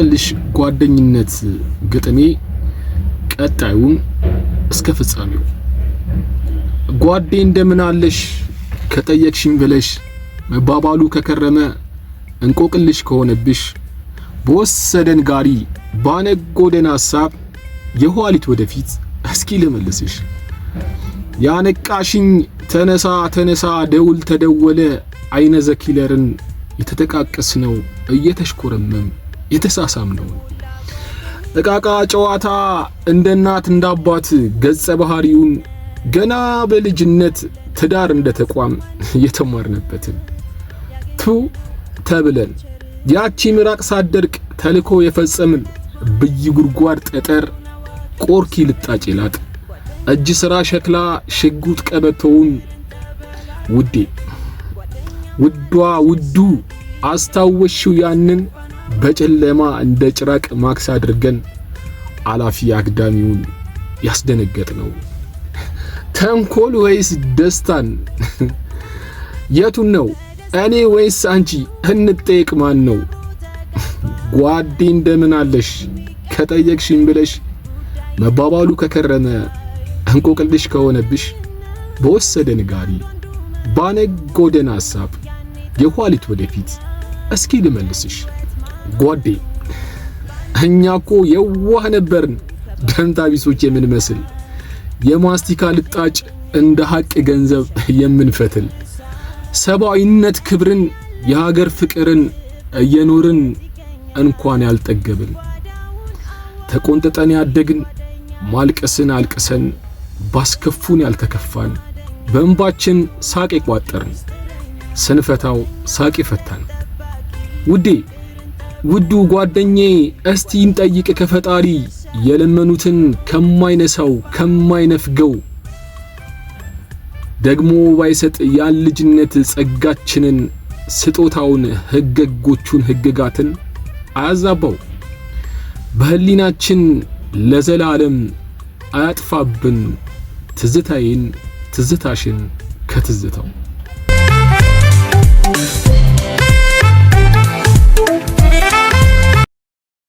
እንቆቅልሽ ጓደኝነት ግጥሜ ቀጣዩን እስከ ፍጻሜው ጓዴ እንደምን አለሽ ከጠየቅሽኝ ብለሽ መባባሉ ከከረመ እንቆቅልሽ ከሆነብሽ በወሰደን ጋሪ ባነጎደን ሐሳብ የኋሊት ወደፊት እስኪ ልመልስሽ ያነቃሽኝ ተነሳ ተነሳ ደውል ተደወለ አይነ ዘኪለርን የተጠቃቀስ ነው እየተሽኮረመም የተሳሳምነው እቃቃ ጨዋታ እንደ እናት እንዳባት ገጸ ባህሪውን ገና በልጅነት ትዳር እንደ ተቋም የተማርነበትን ቱ ተብለን ያቺ ምራቅ ሳደርቅ ተልኮ የፈጸምን ብይ ጉድጓድ ጠጠር ቆርኪ ልጣጭ ላጥ እጅ ስራ ሸክላ ሽጉጥ ቀበቶውን ውዴ ውዷ ውዱ አስታወሽው ያንን በጨለማ እንደ ጭራቅ ማክስ አድርገን አላፊ አግዳሚውን ያስደነገጥ ነው። ተንኮል ወይስ ደስታን? የቱን ነው እኔ ወይስ አንቺ? እንጠየቅ ማን ነው ጓዴ እንደምን አለሽ ከጠየቅሽኝ ብለሽ መባባሉ ከከረመ እንቆቅልሽ ከሆነብሽ በወሰደ ንጋሪ ባነጎደን ሐሳብ የኋሊት ወደፊት እስኪ ልመልስሽ። ጓዴ እኛ እኮ የዋህ ነበርን፣ ደንታቢሶች ቢሶች የምንመስል የማስቲካ ልጣጭ እንደ ሀቅ ገንዘብ የምንፈትል ሰብአዊነት ክብርን የሀገር ፍቅርን እየኖርን እንኳን ያልጠገብን ተቆንጥጠን ያደግን ማልቀስን አልቅሰን ባስከፉን ያልተከፋን በእንባችን ሳቅ የቋጠርን ስንፈታው ሳቅ ይፈታን ውዴ ውዱ ጓደኛዬ እስቲ እንጠይቅ ከፈጣሪ የለመኑትን ከማይነሳው ከማይነፍገው ደግሞ ባይሰጥ ያን ልጅነት ጸጋችንን ስጦታውን ህገጎቹን ህግጋትን አያዛባው በህሊናችን ለዘላለም አያጥፋብን ትዝታዬን ትዝታሽን ከትዝታው